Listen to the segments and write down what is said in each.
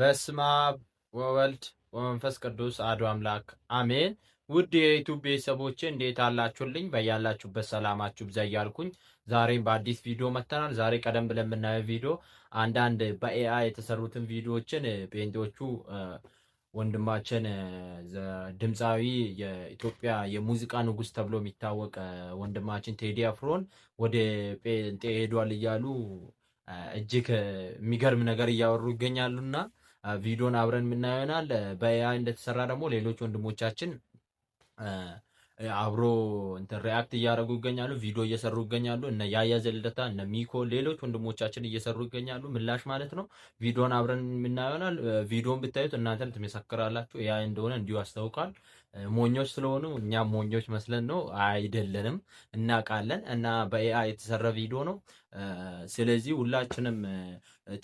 በስመ አብ ወወልድ ወመንፈስ ቅዱስ አሐዱ አምላክ አሜን። ውድ የዩቱብ ቤተሰቦቼ እንዴት አላችሁልኝ? በያላችሁበት ሰላማችሁ ብዛ እያልኩኝ ዛሬም በአዲስ ቪዲዮ መጥተናል። ዛሬ ቀደም ብለን የምናየው ቪዲዮ አንዳንድ በኤአይ የተሰሩትን ቪዲዮዎችን ጴንጤዎቹ ወንድማችን ድምፃዊ የኢትዮጵያ የሙዚቃ ንጉስ ተብሎ የሚታወቅ ወንድማችን ቴዲ አፍሮን ወደ ጴንጤ ሄዷል እያሉ እጅግ የሚገርም ነገር እያወሩ ይገኛሉና ቪዲዮን አብረን የምናየው ይሆናል። በኤአይ እንደተሰራ ደግሞ ሌሎች ወንድሞቻችን አብሮ እንትን ሪያክት እያደረጉ ይገኛሉ። ቪዲዮ እየሰሩ ይገኛሉ። እነ ያያ ዘልደታ እነ ሚኮ፣ ሌሎች ወንድሞቻችን እየሰሩ ይገኛሉ። ምላሽ ማለት ነው። ቪዲዮን አብረን የምናየው ይሆናል። ቪዲዮን ብታዩት እናንተን ትመሰክራላችሁ። ኤአይ እንደሆነ እንዲሁ አስታውቃል። ሞኞች ስለሆኑ እኛም ሞኞች መስለን ነው አይደለንም፣ እናውቃለን። እና በኤአይ የተሰራ ቪዲዮ ነው። ስለዚህ ሁላችንም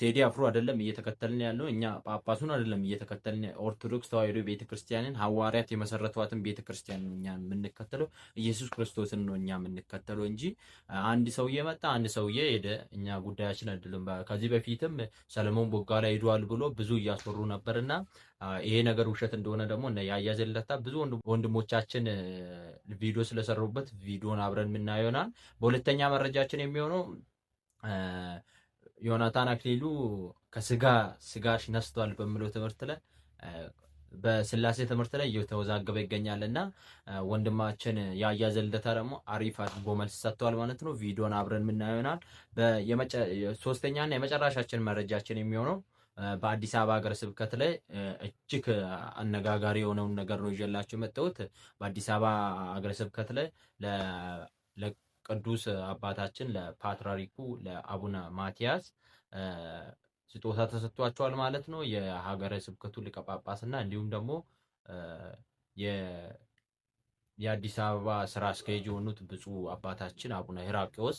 ቴዲ አፍሮ አይደለም እየተከተልን ያለው እኛ ጳጳሱን አይደለም እየተከተልን ኦርቶዶክስ ተዋሕዶ ቤተክርስቲያንን ሐዋርያት የመሰረቷትን ቤተክርስቲያን ነው እኛ የምንከተለው ኢየሱስ ክርስቶስን ነው እኛ የምንከተለው እንጂ አንድ ሰውዬ መጣ፣ አንድ ሰውዬ ሄደ፣ እኛ ጉዳያችን አይደለም። ከዚህ በፊትም ሰለሞን ቦጋላ ሄዷል ብሎ ብዙ እያስወሩ ነበርና ይሄ ነገር ውሸት እንደሆነ ደግሞ ያያዘለታ ብዙ ብዙ ወንድሞቻችን ቪዲዮ ስለሰሩበት ቪዲዮን አብረን የምናየው ይሆናል። በሁለተኛ መረጃችን የሚሆነው ዮናታን አክሊሉ ከስጋ ስጋሽ ነስቷል በሚለው ትምህርት ላይ በስላሴ ትምህርት ላይ እየተወዛገበ ይገኛል እና ወንድማችን ያያ ዘልደታ ደግሞ አሪፍ አድርጎ መልስ ሰጥተዋል ማለት ነው። ቪዲዮን አብረን የምናየው ይሆናል። ሶስተኛና የመጨረሻችን መረጃችን የሚሆነው በአዲስ አበባ ሀገረ ስብከት ላይ እጅግ አነጋጋሪ የሆነውን ነገር ነው ይዤላችሁ የመጠውት በአዲስ አበባ ሀገረ ስብከት ላይ ለቅዱስ አባታችን ለፓትርያርኩ ለአቡነ ማትያስ ስጦታ ተሰጥቷቸዋል ማለት ነው። የሀገረ ስብከቱ ሊቀ ጳጳስና እንዲሁም ደግሞ የአዲስ አበባ ስራ አስኪያጅ የሆኑት ብፁዕ አባታችን አቡነ ሂራቅዎስ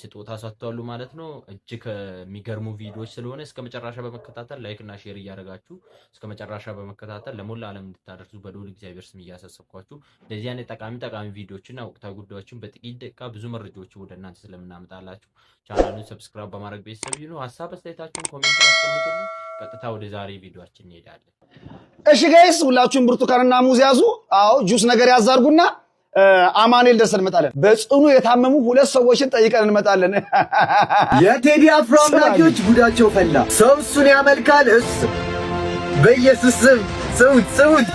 ስጦታ ሰጥተዋሉ ማለት ነው። እጅግ ከሚገርሙ ቪዲዮዎች ስለሆነ እስከ መጨረሻ በመከታተል ላይክ እና ሼር እያደረጋችሁ እስከ መጨረሻ በመከታተል ለሞላ ዓለም እንድታደርሱ በልዑል እግዚአብሔር ስም እያሳሰብኳችሁ እንደዚህ አይነት ጠቃሚ ጠቃሚ ቪዲዮዎችና ወቅታዊ ጉዳዮችን በጥቂት ደቂቃ ብዙ መረጃዎችን ወደ እናንተ ስለምናመጣላችሁ ቻናሉን ሰብስክራይብ በማድረግ ቤተሰብ ይሁኑ። ሀሳብ አስተያየታችሁን ኮሜንት አስቀምጡልኝ። ቀጥታ ወደ ዛሬ ቪዲዮችን እንሄዳለን። እሺ ጋይስ ሁላችሁም ብርቱካንና ሙዝ ያዙ። አዎ ጁስ ነገር ያዛርጉና አማኑኤል ደርሰን እንመጣለን። በጽኑ የታመሙ ሁለት ሰዎችን ጠይቀን እንመጣለን። የቴዲ አፍሮ አምላኪዎች ጉዳቸው ፈላ። ሰው እሱን ያመልካል። እስ በኢየሱስ ስም ስሙት፣ ስሙት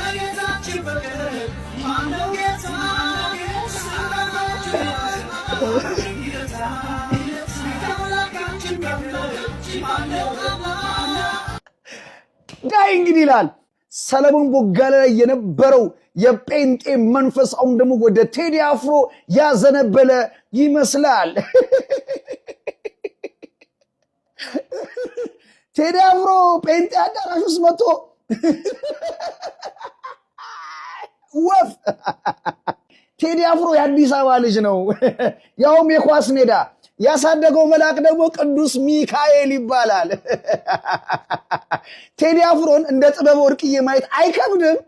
ዳይ እንግዲህ ይላል ሰለሞን ቦጋለ ላይ የነበረው የጴንጤ መንፈስ አሁን ደግሞ ወደ ቴዲ አፍሮ ያዘነበለ ይመስላል። ቴዲ አፍሮ ጴንጤ አዳራሽ ውስጥ መቶ ወፍ ቴዲ አፍሮ የአዲስ አበባ ልጅ ነው፣ ያውም የኳስ ሜዳ ያሳደገው መልአክ ደግሞ ቅዱስ ሚካኤል ይባላል። ቴዲ አፍሮን እንደ ጥበብ ወርቅዬ ማየት አይከብድም።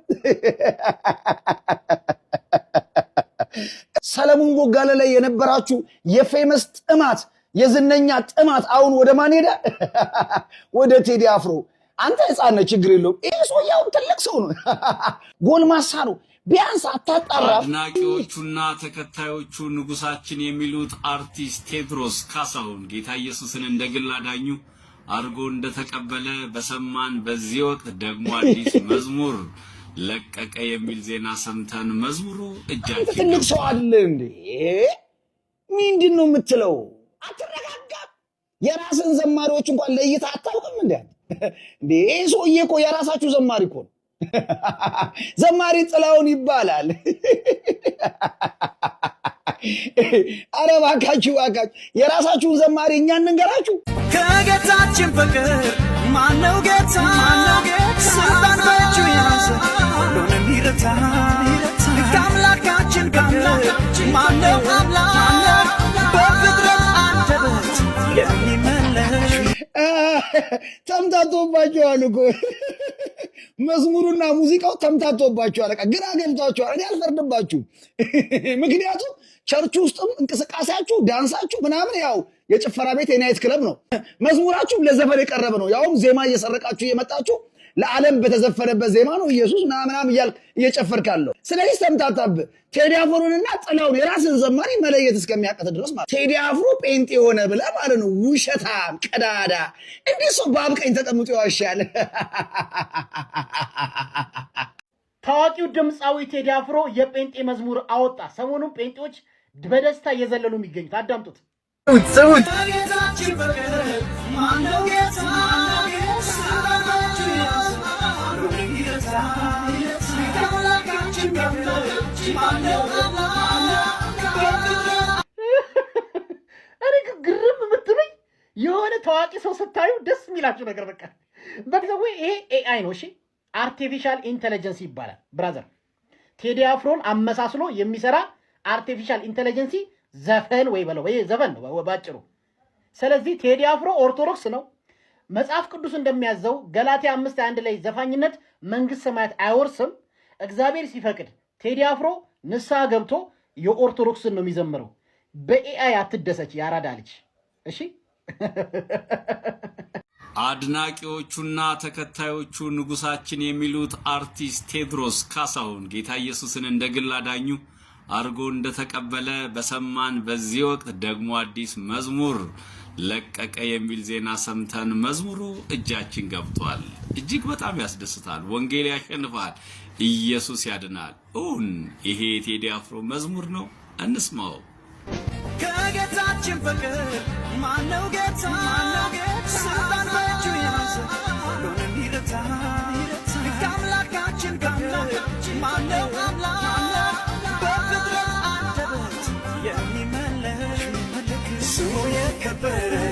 ሰለሞን ቦጋለ ላይ የነበራችሁ የፌመስ ጥማት፣ የዝነኛ ጥማት አሁን ወደ ማን ሄደ? ወደ ቴዲ አፍሮ። አንተ ሕፃን ነህ፣ ችግር የለውም። ይህ ሰውዬው ትልቅ ሰው ነው፣ ጎልማሳ ነው። ቢያንስ አታጣራ። አድናቂዎቹና ተከታዮቹ ንጉሳችን የሚሉት አርቲስት ቴድሮስ ካሳሁን ጌታ ኢየሱስን እንደ ግል አዳኙ አድርጎ እንደተቀበለ በሰማን በዚህ ወቅት ደግሞ አዲስ መዝሙር ለቀቀ የሚል ዜና ሰምተን መዝሙሩ እጃችን ትልቅ ሰው አለ እንዴ? ምንድን ነው የምትለው? አትረጋጋም? የራስን ዘማሪዎች እንኳን ለይታ አታውቅም እንዴ? ይህ ሰውዬ እኮ የራሳችሁ ዘማሪ እኮ ነው። ዘማሪ ጥላውን ይባላል። አረ እባካችሁ እባካችሁ የራሳችሁን ዘማሪ እኛ እንንገራችሁ። ከጌታችን ፍቅር ማነው ጌታ ስልጣን በእጁ ያዘ ሁሉንም ይረታል። ከአምላካችን ፍቅር ማነው አምላክ በፍጥረት አንደበት የሚመለስ ተምታቶባቸዋል እኮ መዝሙሩና ሙዚቃው ተምታቶባቸው በቃ ግራ ገብቷቸዋል። እኔ አልፈርድባችሁም። ምክንያቱም ቸርች ውስጥም እንቅስቃሴያችሁ፣ ዳንሳችሁ ምናምን ያው የጭፈራ ቤት የናይት ክለብ ነው። መዝሙራችሁም ለዘፈን የቀረበ ነው። ያውም ዜማ እየሰረቃችሁ እየመጣችሁ ለዓለም በተዘፈነበት ዜማ ነው ኢየሱስ ምናምናም እያልክ እየጨፈርካለሁ። ስለዚህ ሰምታታብህ ቴዲ አፍሮንና ጥላውን የራስን ዘማሪ መለየት እስከሚያቀት ድረስ ማለት ቴዲ አፍሮ ጴንጤ የሆነ ብለ ማለት ነው። ውሸታም ቀዳዳ፣ እንዲህ ሰው በአብቀኝ ተቀምጦ ይዋሻል። ታዋቂው ድምፃዊ ቴዲ አፍሮ የጴንጤ መዝሙር አወጣ። ሰሞኑን ጴንጤዎች በደስታ እየዘለሉ የሚገኙት አዳምጡት። ጽሙት እኔ ግርም የምትሉኝ የሆነ ታዋቂ ሰው ስታዩ ደስ የሚላችሁ ነገር በቃ በጊዜው ይሄ ኤአይ ነው። እሺ አርቲፊሻል ኢንቴሊጀንስ ይባላል። ብራዘር ቴዲ አፍሮን አመሳስሎ የሚሰራ አርቲፊሻል ኢንቴሊጀንሲ ዘፈን ወይ በለው ወይ ዘፈን ነው ባጭሩ። ስለዚህ ቴዲ አፍሮ ኦርቶዶክስ ነው። መጽሐፍ ቅዱስ እንደሚያዘው ገላትያ አምስት አንድ ላይ ዘፋኝነት መንግስት ሰማያት አይወርስም እግዚአብሔር ሲፈቅድ ቴዲ አፍሮ ንስሐ ገብቶ የኦርቶዶክስን ነው የሚዘምረው። በኤአይ አትደሰች ያራዳ ልጅ። እሺ አድናቂዎቹና ተከታዮቹ ንጉሳችን የሚሉት አርቲስት ቴዎድሮስ ካሳሁን ጌታ ኢየሱስን እንደ ግል አዳኙ አድርጎ እንደተቀበለ በሰማን በዚህ ወቅት ደግሞ አዲስ መዝሙር ለቀቀ የሚል ዜና ሰምተን መዝሙሩ እጃችን ገብቷል። እጅግ በጣም ያስደስታል። ወንጌል ያሸንፋል ኢየሱስ ያድናል። እውን ይሄ የቴዲ አፍሮ መዝሙር ነው። እንስማው። ከጌታችን ፍቅር ማነው ጌታ ስልጣን በእጁ የያዘ ሁሉንም ይረታ ከአምላካችን ጋር ማነው አምላክ በፍጥረት አንደበት ስሙ የከበረ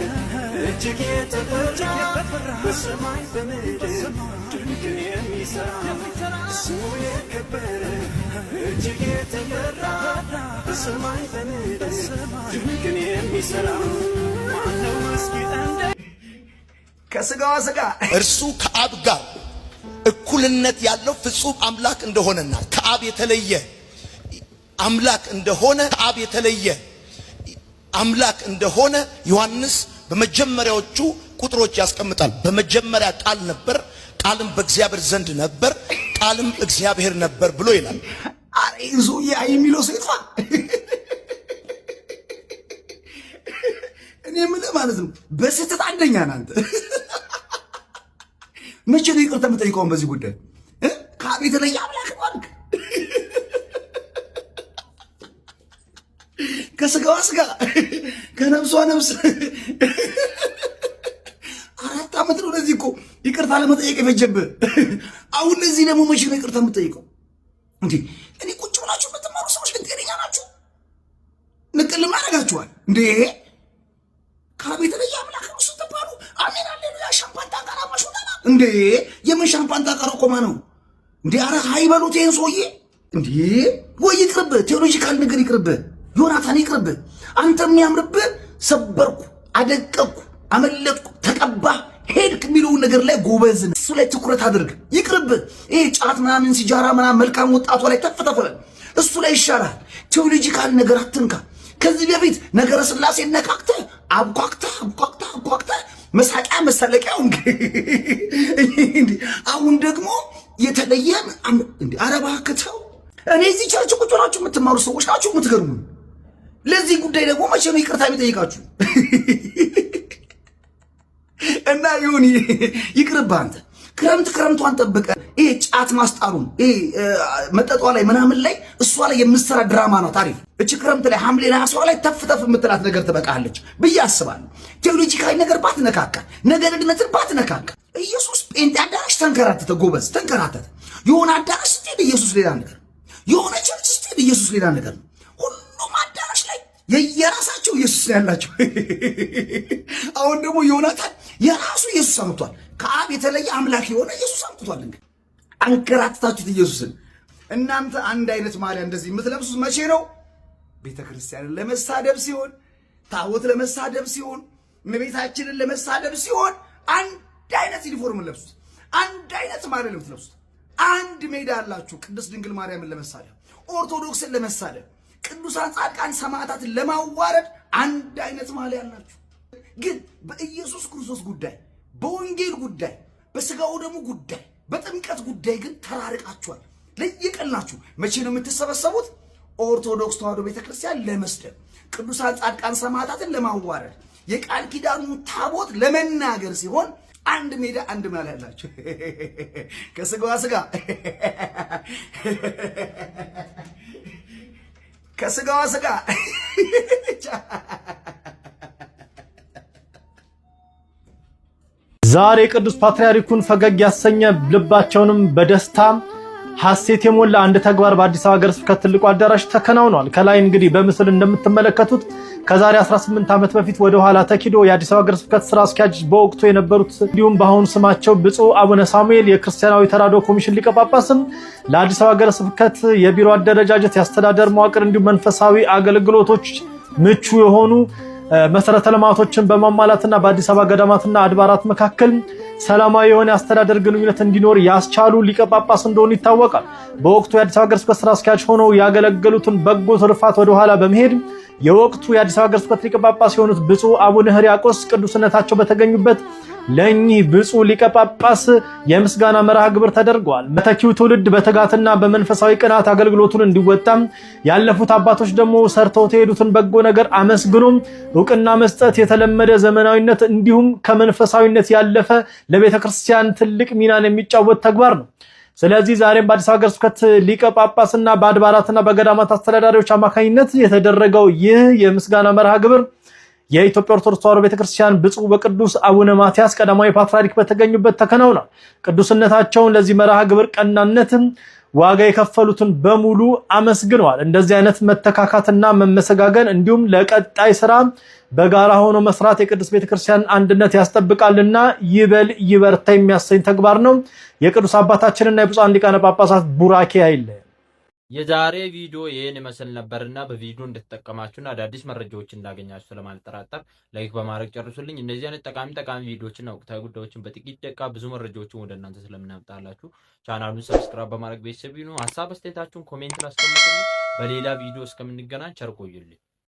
እጅግ የተፈራ በሰማይ በምድር ድንቅን የሚሠራ ስሙ የከበረ እጅግ የተፈራ በሰማይ በምድር ድንቅን የሚሠራ ማነው እስኪ እንደ ከሥጋዋ ሥጋ እርሱ ከአብ ጋር እኩልነት ያለው ፍጹም አምላክ እንደሆነና ከአብ የተለየ አምላክ እንደሆነ ከአብ የተለየ አምላክ እንደሆነ ዮሐንስ በመጀመሪያዎቹ ቁጥሮች ያስቀምጣል። በመጀመሪያ ቃል ነበር፣ ቃልም በእግዚአብሔር ዘንድ ነበር፣ ቃልም እግዚአብሔር ነበር ብሎ ይላል። ዙ የሚለው ሴቷ እኔ የምልህ ማለት ነው በስህተት አንደኛ ናንተ መቼ ነው ይቅርታ የምጠይቀውን በዚህ ጉዳይ ከአብ የተለየ አምላክ ባልክ ከስጋዋ ስጋ ከነብሷ ነብስ አራት ዓመት ነው። ለዚህ እኮ ይቅርታ ለመጠየቅ የፈጀብህ። አሁን ለዚህ ደግሞ መቼ ነው ይቅርታ የምጠይቀው? እንዴ እኔ ቁጭ ብላችሁ የምትማሩ ሰዎች ግን ጤነኛ ናችሁ? ንቅልም ያደርጋችኋል እንዴ ካብ የተለየ አምላክ ነው ስትባሉ አሜን አሌሉያ። ሻምፓንታ ታቀራ ማሽታላ እንዴ የምን ሻምፓንታ ታቀራ ቆማ ነው እንዴ? አረ ሀይበሉት ይህን ሰውዬ እንዴ ወይ ይቅርብህ። ቴዎሎጂካል ነገር ይቅርብህ። ዮናታን ይቅርብ፣ አንተ የሚያምርብህ ሰበርኩ፣ አደቀቅኩ፣ አመለጥኩ፣ ተቀባ ሄድክ የሚለውን ነገር ላይ ጎበዝ እሱ ላይ ትኩረት አድርግ። ይቅርብ። ይህ ጫት ምናምን፣ ሲጃራ ምናምን። መልካም ወጣቷ ላይ ተፈተፈ፣ እሱ ላይ ይሻላል። ቴዎሎጂካል ነገር አትንካ። ከዚህ በፊት ነገረ ስላሴ ነካክተ አብኳክተህ አብኳክተህ አብኳክተህ መሳቂያ መሳለቂያ አሁን ደግሞ የተለየ አረባ ከተው እኔ እዚህ ቸርች ቁጭ ናችሁ የምትማሩ ሰዎች ናችሁ የምትገርሙ ለዚህ ጉዳይ ደግሞ መቼም ይቅርታ የሚጠይቃችሁ እና ይሁን ይቅርብህ። አንተ ክረምት ክረምቷን ጠብቀህ ይሄ ጫት ማስጣሩን ይሄ መጠጧ ላይ ምናምን ላይ እሷ ላይ የምትሰራ ድራማ ናት። አሪፍ እች ክረምት ላይ ሐምሌ ነሐሷ ላይ ተፍተፍ የምትላት ነገር ትበቃለች ብዬ አስባለሁ። ቴዎሎጂካዊ ነገር ባትነካካ፣ ነገረ ድነትን ባትነካካ። ኢየሱስ ጴንጤ አዳራሽ ተንከራተተ፣ ጎበዝ ተንከራተተ። የሆነ አዳራሽ ስትሄድ ኢየሱስ ሌላ ነገር፣ የሆነ ቸርች ስትሄድ ኢየሱስ ሌላ ነገር ነው። የየራሳቸው ኢየሱስ ነው ያላቸው። አሁን ደግሞ ዮናታን የራሱ ኢየሱስ አምጥቷል። ከአብ የተለየ አምላክ የሆነ ኢየሱስ አምጥቷል። እንግዲህ አንከራትታችሁት ኢየሱስን እናንተ አንድ አይነት ማሊያ እንደዚህ የምትለብሱት መቼ ነው? ቤተ ክርስቲያንን ለመሳደብ ሲሆን፣ ታቦት ለመሳደብ ሲሆን፣ እመቤታችንን ለመሳደብ ሲሆን፣ አንድ አይነት ዩኒፎርምን ለብሱት፣ አንድ አይነት ማሊያ ለምትለብሱት፣ አንድ ሜዳ አላችሁ ቅድስት ድንግል ማርያምን ለመሳደብ፣ ኦርቶዶክስን ለመሳደብ ቅዱሳን፣ ጻድቃን፣ ሰማዕታትን ለማዋረድ አንድ አይነት ማሊያ አላችሁ። ግን በኢየሱስ ክርስቶስ ጉዳይ፣ በወንጌል ጉዳይ፣ በስጋው ደግሞ ጉዳይ፣ በጥምቀት ጉዳይ ግን ተራርቃችኋል። ለየቀል ናችሁ። መቼ ነው የምትሰበሰቡት? ኦርቶዶክስ ተዋህዶ ቤተክርስቲያን ለመስደብ፣ ቅዱሳን፣ ጻድቃን፣ ሰማዕታትን ለማዋረድ የቃል ኪዳኑ ታቦት ለመናገር ሲሆን አንድ ሜዳ አንድ ማሊያ አላችሁ። ከስጋዋ ስጋ ከስጋዋ ስጋ ዛሬ ቅዱስ ፓትርያርኩን ፈገግ ያሰኘ ልባቸውንም በደስታ ሐሴት የሞላ አንድ ተግባር በአዲስ አበባ ሀገረ ስብከት ትልቁ አዳራሽ ተከናውኗል። ከላይ እንግዲህ በምስል እንደምትመለከቱት ከዛሬ 18 ዓመት በፊት ወደ ኋላ ተኪዶ የአዲስ አበባ ሀገረ ስብከት ስራ አስኪያጅ በወቅቱ የነበሩት እንዲሁም በአሁኑ ስማቸው ብፁዕ አቡነ ሳሙኤል የክርስቲያናዊ ተራድኦ ኮሚሽን ሊቀ ጳጳስም ለአዲስ አበባ ሀገረ ስብከት የቢሮ አደረጃጀት፣ የአስተዳደር መዋቅር እንዲሁም መንፈሳዊ አገልግሎቶች ምቹ የሆኑ መሰረተ ልማቶችን በማሟላትና በአዲስ አበባ ገዳማትና አድባራት መካከል ሰላማዊ የሆነ የአስተዳደር ግንኙነት እንዲኖር ያስቻሉ ሊቀጳጳስ እንደሆኑ ይታወቃል። በወቅቱ የአዲስ አበባ ሀገረ ስብከት ስራ አስኪያጅ ሆነው ያገለገሉትን በጎ ትርፋት ወደኋላ በመሄድ የወቅቱ የአዲስ አበባ ሀገረ ስብከት ሊቀ ጳጳስ የሆኑት ብፁዕ አቡነ ሕርያቆስ ቅዱስነታቸው በተገኙበት ለእኚህ ብፁዕ ሊቀ ጳጳስ የምስጋና መርሃ ግብር ተደርጓል። መተኪው ትውልድ በትጋትና በመንፈሳዊ ቅናት አገልግሎቱን እንዲወጣም ያለፉት አባቶች ደግሞ ሰርተው የሄዱትን በጎ ነገር አመስግኖም እውቅና መስጠት የተለመደ ዘመናዊነት እንዲሁም ከመንፈሳዊነት ያለፈ ለቤተ ክርስቲያን ትልቅ ሚናን የሚጫወት ተግባር ነው። ስለዚህ ዛሬም በአዲስ አበባ ሀገረ ስብከት ሊቀ ጳጳስና በአድባራትና በገዳማት አስተዳዳሪዎች አማካኝነት የተደረገው ይህ የምስጋና መርሃ ግብር የኢትዮጵያ ኦርቶዶክስ ተዋሕዶ ቤተክርስቲያን ብፁዕ በቅዱስ አቡነ ማትያስ ቀዳማዊ ፓትርያርክ በተገኙበት ተከናውኗል። ቅዱስነታቸውን ለዚህ መርሃ ግብር ቀናነትም ዋጋ የከፈሉትን በሙሉ አመስግነዋል። እንደዚህ አይነት መተካካትና መመሰጋገን እንዲሁም ለቀጣይ ስራ በጋራ ሆኖ መስራት የቅዱስ ቤተክርስቲያን አንድነት ያስጠብቃልና ይበል ይበርታ የሚያሰኝ ተግባር ነው። የቅዱስ አባታችንና የብፁዓን ሊቃነ ጳጳሳት ቡራኬ አይለየን። የዛሬ ቪዲዮ ይህን ይመስል ነበርና በቪዲዮ እንድትጠቀማችሁና አዳዲስ መረጃዎች እንዳገኛችሁ ስለማልጠራጠር ላይክ በማድረግ ጨርሱልኝ። እነዚህ አይነት ጠቃሚ ጠቃሚ ቪዲዮዎችና ወቅታዊ ጉዳዮችን በጥቂት ደቂቃ ብዙ መረጃዎችን ወደ እናንተ ስለምናመጣላችሁ ቻናሉን ሰብስክራይብ በማድረግ ቤተሰብ ይሁኑ። ሀሳብ አስተያየታችሁን ኮሜንት አስቀምጡልኝ። በሌላ ቪዲዮ እስከምንገናኝ ቸር ቆዩልኝ።